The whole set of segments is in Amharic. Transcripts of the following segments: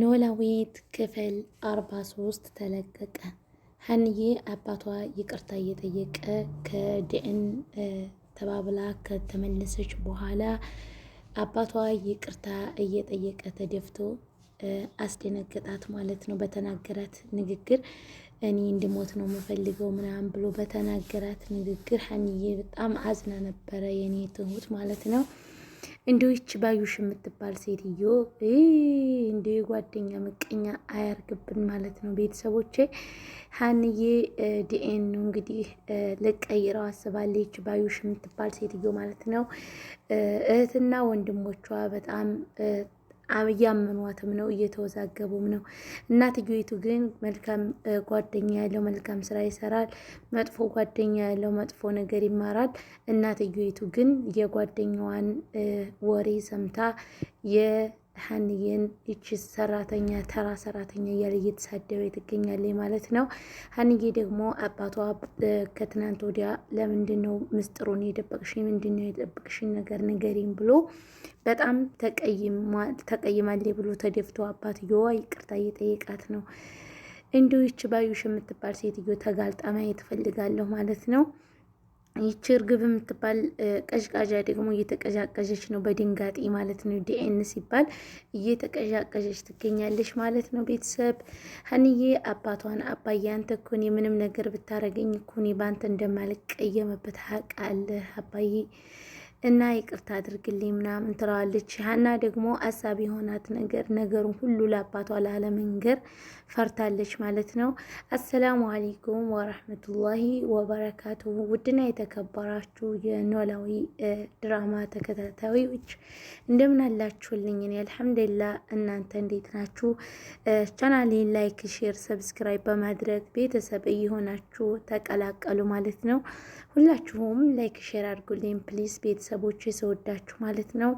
ኖላዊት ክፍል 43 ተለቀቀ። ሀንዬ አባቷ ይቅርታ እየጠየቀ ከድዕን ተባብላ ከተመለሰች በኋላ አባቷ ይቅርታ እየጠየቀ ተደፍቶ አስደነገጣት ማለት ነው። በተናገራት ንግግር እኔ እንድሞት ነው የምፈልገው ምናምን ብሎ በተናገራት ንግግር ሀንዬ በጣም አዝና ነበረ የኔ ትሁት ማለት ነው። እንደዎች ባዩሽ የምትባል ሴትዮ እንደ ጓደኛ ምቀኛ አያርግብን ማለት ነው። ቤተሰቦቼ ሀንዬ ዲኤን ነው እንግዲህ ልቀይረው አስባለች። ባዩሽ የምትባል ሴትዮ ማለት ነው። እህትና ወንድሞቿ በጣም እያመኗትም ነው፣ እየተወዛገቡም ነው። እናትዮቱ ግን መልካም ጓደኛ ያለው መልካም ስራ ይሰራል፣ መጥፎ ጓደኛ ያለው መጥፎ ነገር ይማራል። እናትዮቱ ግን የጓደኛዋን ወሬ ሰምታ ሀንዬን ይቺ ሰራተኛ ተራ ሰራተኛ እያለ እየተሳደበ ትገኛለች ማለት ነው። ሀንዬ ደግሞ አባቷ ከትናንት ወዲያ ለምንድን ነው ምስጢሩን የደበቅሽኝ? ምንድን ነው የደበቅሽኝ ነገር ንገሪኝ ብሎ በጣም ተቀይማለች ብሎ ተደፍቶ አባትየዋ ይቅርታ እየጠየቃት ነው። እንዲሁ ይቺ ባዩሽ የምትባል ሴትዮ ተጋልጣ ማየት እፈልጋለሁ ማለት ነው። ይቺ እርግብ የምትባል ቀዥቃዣ ደግሞ እየተቀዣቀዠች ነው፣ በድንጋጤ ማለት ነው። ዲኤን ሲባል እየተቀዣቀዠች ትገኛለች ማለት ነው። ቤተሰብ ሀንዬ አባቷን አባዬ፣ አንተ እኮ እኔ ምንም ነገር ብታረገኝ እኮ እኔ በአንተ እንደማልቀየምበት ሀቅ አለ አባዬ እና ይቅርታ አድርግልኝ ምናምን ትለዋለች። ሀና ደግሞ አሳቢ የሆናት ነገር ነገሩን ሁሉ ለአባቷ ላለመንገር ፈርታለች ማለት ነው። አሰላሙ አሌይኩም ወረህመቱላሂ ወበረካቱ። ውድና የተከበራችሁ የኖላዊ ድራማ ተከታታዮች እንደምን አላችሁልኝ? እኔ አልሐምዱሊላ። እናንተ እንዴት ናችሁ? ቻናሌን ላይክ፣ ሼር፣ ሰብስክራይብ በማድረግ ቤተሰብ እየሆናችሁ ተቀላቀሉ ማለት ነው። ሁላችሁም ላይክ ሼር አድርጉልኝ ፕሊዝ ቤተሰብ ቤተሰቦች የሰወዳችሁ ማለት ነው።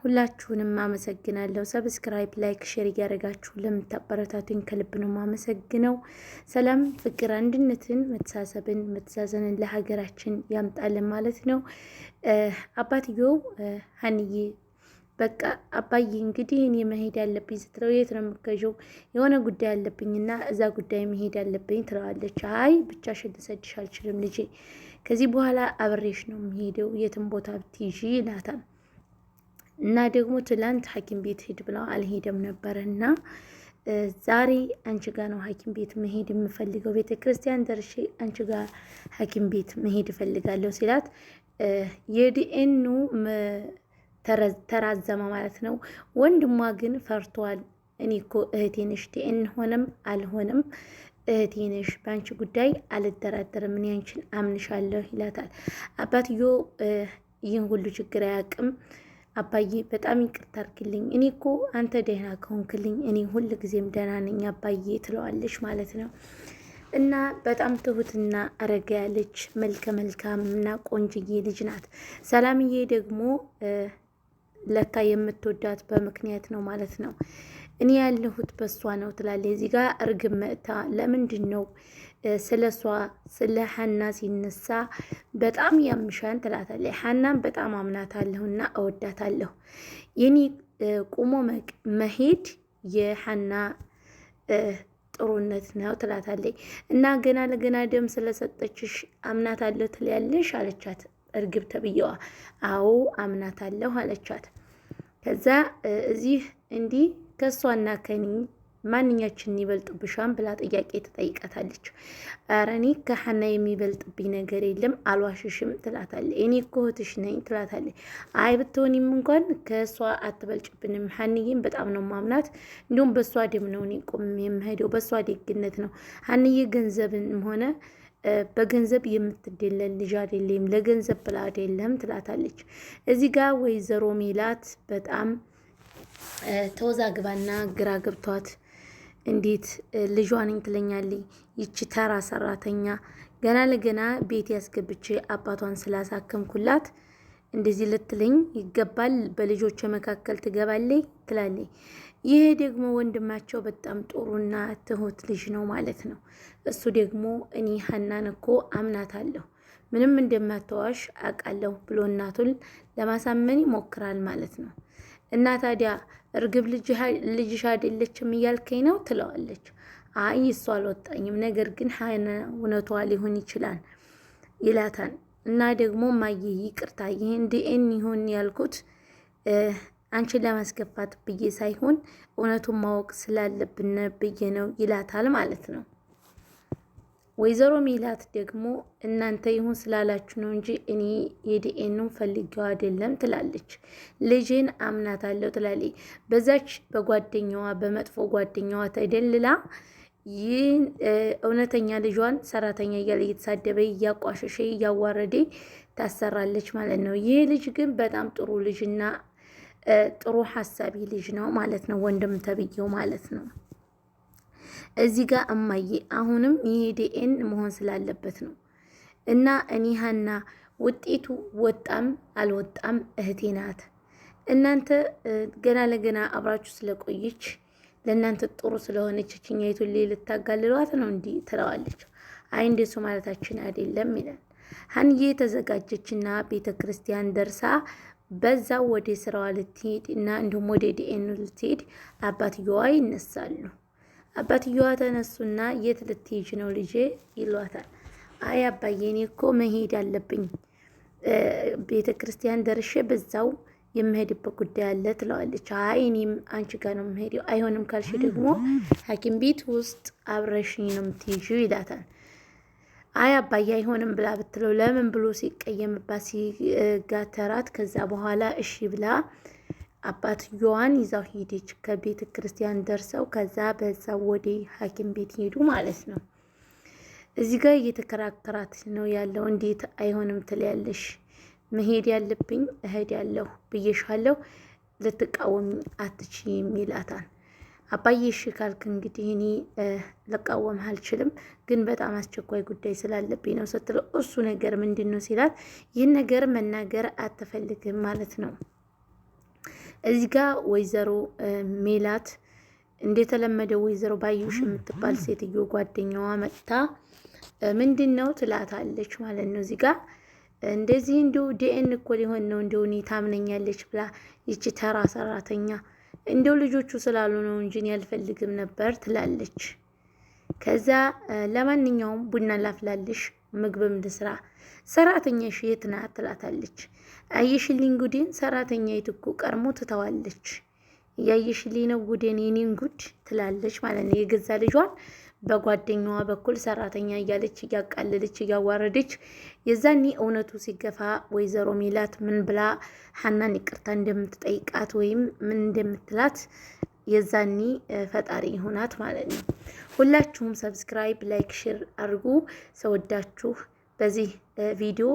ሁላችሁንም አመሰግናለሁ። ሰብስክራይብ፣ ላይክ፣ ሼር እያደረጋችሁ ለምታበረታቱኝ ከልብ ነው የማመሰግነው። ሰላም፣ ፍቅር፣ አንድነትን፣ መተሳሰብን፣ መተዛዘንን ለሀገራችን ያምጣልን ማለት ነው። አባትየው ሀንዬ በቃ አባዬ እንግዲህ እኔ መሄድ ያለብኝ ስትለው የት ነው የምከዥው? የሆነ ጉዳይ አለብኝና እዛ ጉዳይ መሄድ ያለብኝ ትለዋለች። አይ ብቻሽን ልሰድሽ አልችልም ልጄ ከዚህ በኋላ አብሬሽ ነው የሚሄደው የትም ቦታ ብትይዥ ይላታል። እና ደግሞ ትላንት ሐኪም ቤት ሄድ ብለው አልሄደም ነበረ እና ዛሬ አንቺ ጋ ነው ሐኪም ቤት መሄድ የምፈልገው ቤተ ክርስቲያን ደርሼ አንቺ ጋ ሐኪም ቤት መሄድ እፈልጋለሁ ሲላት የዲኤኑ ተራዘመ ማለት ነው። ወንድሟ ግን ፈርቷል። እኔ እኮ እህቴንሽ ዲኤን ሆነም አልሆነም እህቴ ነሽ፣ በአንቺ ጉዳይ አልደራደርም፣ እኔ አንቺን አምንሻለሁ ይላታል። አባትዮ ይህን ሁሉ ችግር አያውቅም። አባዬ በጣም ይቅርታ አድርግልኝ፣ እኔ እኮ አንተ ደህና ከሆንክልኝ እኔ ሁል ጊዜም ደህና ነኝ አባዬ ትለዋለች ማለት ነው። እና በጣም ትሁትና አረጋ ያለች መልከ መልካም እና ቆንጅዬ ልጅ ናት። ሰላምዬ ደግሞ ለታ የምትወዳት በምክንያት ነው ማለት ነው። እኔ ያለሁት በሷ ነው ትላለች። እዚህ ጋር እርግብ መጥታ ለምንድን ነው ስለ እሷ ስለ ሀና ሲነሳ በጣም ያምሻን ትላታለች። ሀናን በጣም አምናታለሁና እወዳታለሁ። የኔ ቁሞ መሄድ የሀና ጥሩነት ነው ትላታለች። እና ገና ለገና ደም ስለሰጠችሽ አምናታለሁ ትለያለሽ አለቻት። እርግብ ተብዬዋ አዎ አምናታለሁ አለቻት። ከዛ እዚህ እንዲህ ከእሷና ከኔ ማንኛችን ይበልጥብሻን ብላ ጥያቄ ትጠይቃታለች። ኧረ እኔ ከሀና የሚበልጥብኝ ነገር የለም አልዋሽሽም ትላታለች። እኔ እኮ እህትሽ ነኝ ትላታለች። አይ ብትሆኒም እንኳን ከእሷ አትበልጭብንም፣ ሀንዬን በጣም ነው ማምናት። እንዲሁም በእሷ ደም ነው እኔ ቁም የምሄደው፣ በእሷ ደግነት ነው። ሀንዬ ገንዘብንም ሆነ በገንዘብ የምትደለል ልጅ አይደለም፣ ለገንዘብ ብላ አይደለም ትላታለች። እዚህ ጋር ወይዘሮ ሜላት በጣም ተወዛግባና ግራ ገብቷት እንዴት ልጇን ነኝ ትለኛለኝ ይቺ ተራ ሰራተኛ ገና ለገና ቤት ያስገብቼ አባቷን ስላሳከምኩላት እንደዚህ ልትለኝ ይገባል? በልጆች መካከል ትገባለች ትላለች። ይሄ ደግሞ ወንድማቸው በጣም ጥሩና ትሁት ልጅ ነው ማለት ነው። እሱ ደግሞ እኔ ሀናን እኮ አምናታለሁ ምንም እንደማታዋሽ አውቃለሁ ብሎ እናቱን ለማሳመን ይሞክራል ማለት ነው። እና ታዲያ እርግብ ልጅሽ አይደለችም እያልከኝ ነው ትለዋለች። አይ እሱ አልወጣኝም፣ ነገር ግን ሀና እውነቷ ሊሆን ይችላል ይላታል። እና ደግሞ ማየ ይቅርታ፣ ይህን ዲኤን ይሁን ያልኩት አንቺን ለማስገፋት ብዬ ሳይሆን እውነቱን ማወቅ ስላለብን ብዬ ነው ይላታል ማለት ነው። ወይዘሮ ሜላት ደግሞ እናንተ ይሁን ስላላችሁ ነው እንጂ እኔ የዲኤንኤውን ፈልጌው አይደለም ትላለች። ልጄን አምናታለሁ ትላለች። በዛች በጓደኛዋ በመጥፎ ጓደኛዋ ተደልላ ይህን እውነተኛ ልጇን ሰራተኛ እያለ እየተሳደበ እያቋሸሸ እያዋረደ ታሰራለች ማለት ነው። ይህ ልጅ ግን በጣም ጥሩ ልጅና ጥሩ ሀሳቢ ልጅ ነው ማለት ነው። ወንድም ተብዬው ማለት ነው። እዚህ ጋር እማዬ አሁንም ይሄ ዲኤን መሆን ስላለበት ነው እና እኔ ሀና ውጤቱ ወጣም አልወጣም እህቴ ናት። እናንተ ገና ለገና አብራችሁ ስለቆየች ለእናንተ ጥሩ ስለሆነች ችኛይቱን ሌ ልታጋልሏት ነው እንዲህ ትለዋለች። አይ እንደሱ ማለታችን አይደለም ይላል። ሀንዬ የተዘጋጀችና ቤተ ክርስቲያን ደርሳ በዛው ወደ ስራዋ ልትሄድ እና እንዲሁም ወደ ዲኤኑ ልትሄድ አባትየዋ ይነሳሉ። አባትየዋ ተነሱና የት ልትሄጂ ነው ልጄ ይሏታል። አይ አባዬ እኔ እኮ መሄድ አለብኝ ቤተ ክርስቲያን ደርሼ በዛው የምሄድበት ጉዳይ አለ ትለዋለች። አይ እኔም አንቺ ጋር ነው የምሄደው፣ አይሆንም ካልሽ ደግሞ ሐኪም ቤት ውስጥ አብረሽኝ ነው የምትሄጂው ይላታል። አይ አባዬ አይሆንም ብላ ብትለው ለምን ብሎ ሲቀየምባት ሲጋተራት፣ ከዛ በኋላ እሺ ብላ አባትዮዋን ይዛው ሄደች። ከቤተ ክርስቲያን ደርሰው ከዛ በዛ ወደ ሐኪም ቤት ሄዱ ማለት ነው። እዚህ ጋር እየተከራከራት ነው ያለው። እንዴት አይሆንም ትለያለሽ? መሄድ ያለብኝ እሄድ ያለሁ ብዬሻለሁ፣ ልትቃወሚ አትችይም ይላታል። አባዬ እሺ ካልክ እንግዲህ እኔ ልቃወም አልችልም፣ ግን በጣም አስቸኳይ ጉዳይ ስላለብኝ ነው ስትለው፣ እሱ ነገር ምንድን ነው ሲላት፣ ይህን ነገር መናገር አትፈልግም ማለት ነው። እዚህ ጋ ወይዘሮ ሜላት እንደተለመደው ወይዘሮ ባዩሽ የምትባል ሴትዮ ጓደኛዋ መጥታ ምንድን ነው ትላታለች ማለት ነው። እዚህ ጋ እንደዚህ እንዲሁ ዲኤን እኮ ሊሆን ነው እንዲሁ እኔ ታምነኛለች ብላ ይቺ ተራ ሰራተኛ እንደው ልጆቹ ስላሉ ነው እንጂ ያልፈልግም ነበር ትላለች። ከዛ ለማንኛውም ቡና ላፍላልሽ፣ ምግብም ልስራ ሰራተኛሽ የት ናት ትላታለች። አየሽልኝ ጉዴን፣ ሰራተኛይቱ እኮ ቀርሞ ትተዋለች። እያየሽልኝ ነው ጉዴን፣ የኔን ጉድ ትላለች ማለት ነው። የገዛ ልጇን በጓደኛዋ በኩል ሰራተኛ እያለች እያቃለለች እያዋረደች፣ የዛኔ እውነቱ ሲገፋ ወይዘሮ ሚላት ምን ብላ ሀናን ይቅርታ እንደምትጠይቃት ወይም ምን እንደምትላት የዛኒ ፈጣሪ ይሆናት ማለት ነው። ሁላችሁም ሰብስክራይብ፣ ላይክ፣ ሼር አድርጉ። ሰወዳችሁ በዚህ ቪዲዮ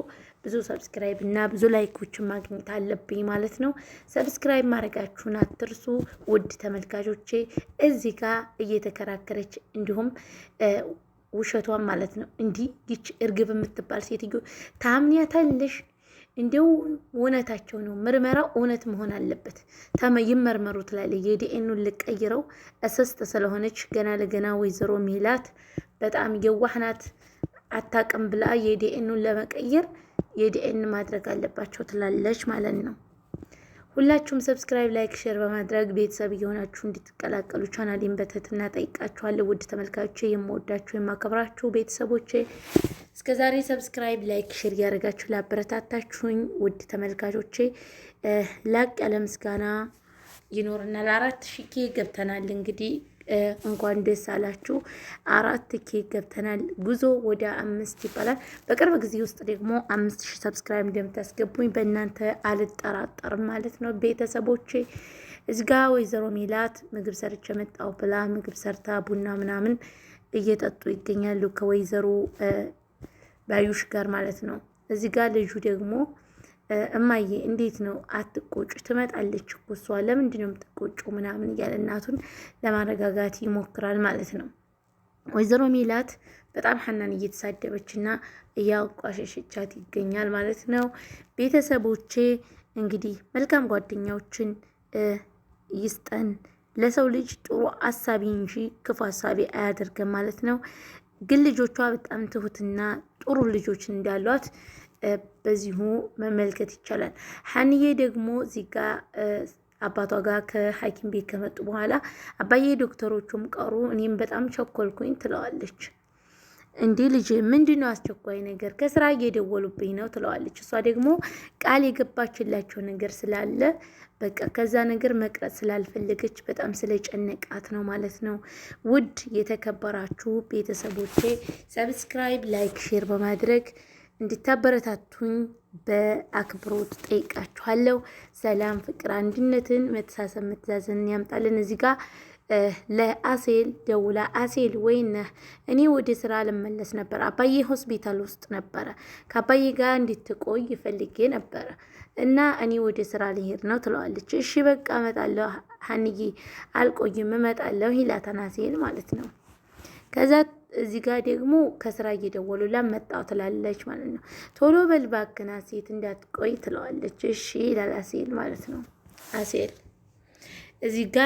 ብዙ ሰብስክራይብ እና ብዙ ላይኮችን ማግኘት አለብኝ ማለት ነው። ሰብስክራይብ ማድረጋችሁን አትርሱ ውድ ተመልካቾቼ። እዚህ ጋር እየተከራከረች እንዲሁም ውሸቷን ማለት ነው እንዲህ ይች እርግብ የምትባል ሴትዮ ታምኒያታለሽ? እንዲው እውነታቸው ነው። ምርመራው እውነት መሆን አለበት። ይመርመሩ ትላለች። የዲኤኑን ልቀይረው እስስት ስለሆነች ገና ለገና ወይዘሮ ሚላት በጣም የዋህ ናት። አታቅም ብላ የዲኤኑን ለመቀየር የዲኤን ማድረግ አለባቸው ትላለች ማለት ነው። ሁላችሁም ሰብስክራይብ፣ ላይክ፣ ሼር በማድረግ ቤተሰብ እየሆናችሁ እንድትቀላቀሉ ቻናሌን በትህትና ጠይቃችኋለሁ። ውድ ተመልካቾች፣ የምወዳችሁ የማከብራችሁ ቤተሰቦቼ እስከ ዛሬ ሰብስክራይብ፣ ላይክ፣ ሼር እያደረጋችሁ ላበረታታችሁኝ ውድ ተመልካቾቼ ላቅ ያለ ምስጋና ይኖርናል። አራት ሺህ ኬ ገብተናል እንግዲህ እንኳን ደስ አላችሁ። አራት ኬ ገብተናል። ጉዞ ወደ አምስት ይባላል። በቅርብ ጊዜ ውስጥ ደግሞ አምስት ሺ ሰብስክራይብ እንደምታስገቡኝ በእናንተ አልጠራጠርም ማለት ነው ቤተሰቦቼ። እዚጋ ወይዘሮ ሜላት ምግብ ሰርቼ መጣሁ ብላ ምግብ ሰርታ ቡና ምናምን እየጠጡ ይገኛሉ ከወይዘሮ ባዩሽ ጋር ማለት ነው። እዚጋ ልጁ ደግሞ እማዬ እንዴት ነው አትቆጩ? ትመጣለች እኮ እሷ ለምንድን ነው የምትቆጩ? ምናምን እያለ እናቱን ለማረጋጋት ይሞክራል ማለት ነው። ወይዘሮ ሜላት በጣም ሀናን እየተሳደበች እና እያቋሸሸቻት ይገኛል ማለት ነው። ቤተሰቦቼ እንግዲህ መልካም ጓደኛዎችን ይስጠን። ለሰው ልጅ ጥሩ አሳቢ እንጂ ክፉ አሳቢ አያደርገም ማለት ነው። ግን ልጆቿ በጣም ትሁትና ጥሩ ልጆች እንዳሏት በዚሁ መመልከት ይቻላል። ሀንዬ ደግሞ ዚጋ አባቷ ጋር ከሐኪም ቤት ከመጡ በኋላ አባዬ ዶክተሮቹም ቀሩ፣ እኔም በጣም ቸኮልኩኝ ትለዋለች። እንዲህ ልጅ ምንድን ነው አስቸኳይ ነገር? ከስራ እየደወሉብኝ ነው ትለዋለች። እሷ ደግሞ ቃል የገባችላቸው ነገር ስላለ በቃ ከዛ ነገር መቅረት ስላልፈለገች በጣም ስለጨነቃት ነው ማለት ነው። ውድ የተከበራችሁ ቤተሰቦቼ ሰብስክራይብ፣ ላይክ፣ ሼር በማድረግ እንድታበረታቱኝ በአክብሮት ጠይቃችኋለሁ። ሰላም፣ ፍቅር፣ አንድነትን፣ መተሳሰብ፣ መተዛዘንን ያምጣልን። እዚህ ጋር ለአሴል ደውላ አሴል ወይነህ እኔ ወደ ስራ ልመለስ ነበር፣ አባዬ ሆስፒታል ውስጥ ነበረ። ከአባዬ ጋር እንድትቆይ ይፈልጌ ነበረ እና እኔ ወደ ስራ ልሄድ ነው ትለዋለች። እሺ በቃ እመጣለሁ ሀንዬ፣ አልቆይም እመጣለሁ ይላታን አሴል ማለት ነው። ከዛ እዚህ ጋር ደግሞ ከስራ እየደወሉ ለመጣው ትላለች ማለት ነው። ቶሎ በል ባክና ሴት እንዳትቆይ ትለዋለች። እሺ ይላል አሴል ማለት ነው። አሴል እዚህ ጋ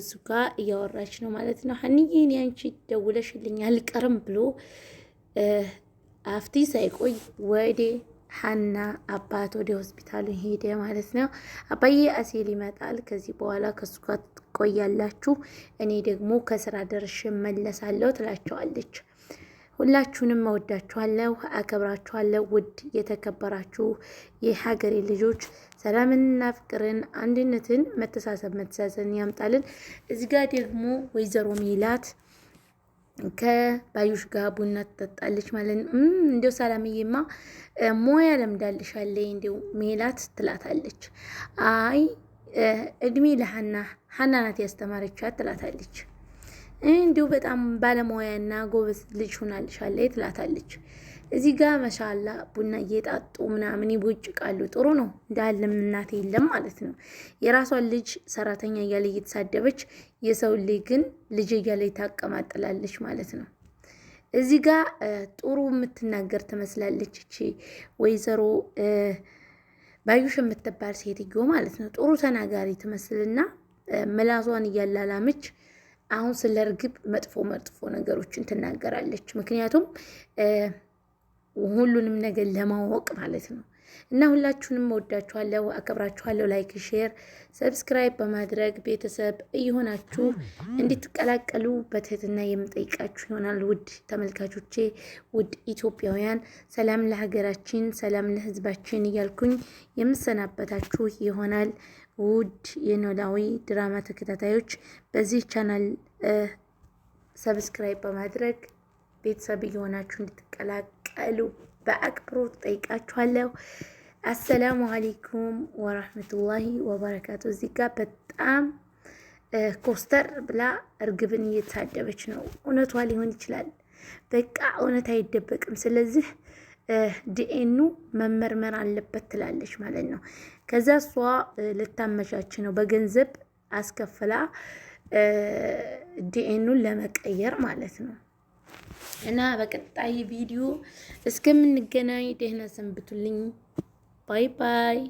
እሱ ጋ እያወራች ነው ማለት ነው። ሀኒዬን ያንቺ ደውለሽልኝ አልቀርም ብሎ አፍቲ ሳይቆይ ወደ ሀና አባት ወደ ሆስፒታሉ ሄደ ማለት ነው። አባዬ አሴል ይመጣል። ከዚህ በኋላ ከሱ ጋር ትቆያላችሁ፣ እኔ ደግሞ ከስራ ደርሼ እመለሳለሁ ትላቸዋለች። ሁላችሁንም እወዳችኋለሁ፣ አከብራችኋለሁ። ውድ የተከበራችሁ የሀገሬ ልጆች ሰላምንና ፍቅርን፣ አንድነትን፣ መተሳሰብ መተሳሰብን ያምጣልን። እዚህ ደግሞ ወይዘሮ ሜላት ከባዩሽ ጋር ቡና ትጠጣለች ማለት ነው። እንዲያው ሰላምዬማ ሞያ ለምዳልሻለ እንዲው ሜላት ትላታለች። አይ እድሜ ለሀና ሀና ናት ያስተማረቻት ትላታለች። እንዲሁ በጣም ባለሙያና ጎበዝ ልጅ ሆናልሻለች ትላታለች። እዚህ ጋር መሻላ ቡና እየጣጡ ምናምን ይቦጭቃሉ። ጥሩ ነው እንዳለም እናት የለም ማለት ነው። የራሷን ልጅ ሰራተኛ እያለ እየተሳደበች የሰው ልጅ ግን ልጅ እያለ ታቀማጥላለች ማለት ነው። እዚህ ጋ ጥሩ የምትናገር ትመስላለች እቺ ወይዘሮ ባዩሽ የምትባል ሴትዮ ማለት ነው። ጥሩ ተናጋሪ ትመስልና ምላሷን እያላላመች አሁን ስለ እርግብ መጥፎ መጥፎ ነገሮችን ትናገራለች። ምክንያቱም ሁሉንም ነገር ለማወቅ ማለት ነው። እና ሁላችሁንም ወዳችኋለሁ፣ አከብራችኋለሁ። ላይክ፣ ሼር፣ ሰብስክራይብ በማድረግ ቤተሰብ እየሆናችሁ እንድትቀላቀሉ በትህትና የምጠይቃችሁ ይሆናል። ውድ ተመልካቾቼ፣ ውድ ኢትዮጵያውያን፣ ሰላም ለሀገራችን፣ ሰላም ለሕዝባችን እያልኩኝ የምሰናበታችሁ ይሆናል። ውድ የኖላዊ ድራማ ተከታታዮች በዚህ ቻናል ሰብስክራይብ በማድረግ ቤተሰብ እየሆናችሁ እንድትቀላቀሉ በአክብሮት ጠይቃችኋለሁ። አሰላሙ አሌይኩም ወራህመቱላሂ ወበረካቱ። እዚህ ጋር በጣም ኮስተር ብላ እርግብን እየተሳደበች ነው። እውነቷ ሊሆን ይችላል። በቃ እውነት አይደበቅም። ስለዚህ ዲኤኑ መመርመር አለበት ትላለች ማለት ነው። ከዛ እሷ ልታመቻች ነው በገንዘብ አስከፍላ ዲኤኑን ለመቀየር ማለት ነው። እና በቀጣይ ቪዲዮ እስከምንገናኝ ደህና ሰንብቱልኝ። ባይ ባይ።